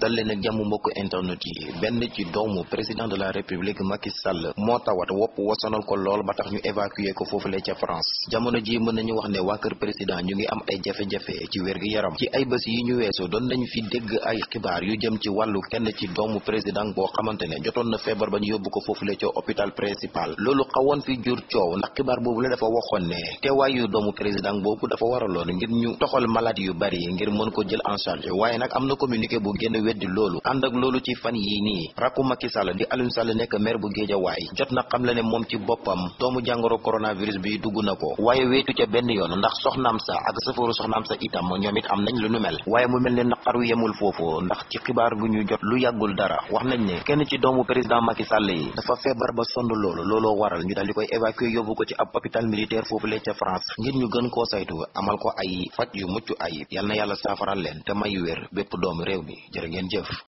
dal leen ak jàmm mbokk internet yi benn ci doomu président de la république Macky Sall moo tawat wopp wasonal ko lool ba tax ñu évacuer ko foofule ca France jamono ji mën nañu wax ne waa kër président ñu ngi am ay jafe-jafe ci wér-gu-yaram ci ay bés yi ñu weesoo doon nañu fi dégg ay xibaar yu jëm ci wàllu kenn ci doomu président boo xamante ne jotoon na feebar ba ñu yóbbu ko foofule ca hôpital principal loolu xawoon fi jur coow ndax xibaar boobu la dafa waxoon ne teewaayu doomu président boobu dafa waraloon ngir ñu toxal malade yu bari ngir mën ko jël en weddi loolu ànd ak loolu ci fan yii nii rakku Macky Sall di Aliou Sall nekk maire bu Guédiawaye jot na xam la ne moom ci boppam doomu jàngoro coronavirus bi dugg na ko waaye wéetu ca benn yoon ndax soxnaam sa ak safooru soxnaam sa itam ñoom it am nañ lu nu mel waaye mu mel ne naqaru yemul foofu ndax ci xibaar gu ñu jot lu yàggul dara wax nañ ne kenn ci doomu président Macky Sall yi dafa feebar ba sond loolu looloo waral ñu daal di koy évacuer yóbbu ko ci ab hôpital militaire foofu lee ca France ngir ñu gën koo saytu amal ko ay faj yu mucc ayib yal na yàlla saafaral leen te may wér bépp ngeen jëf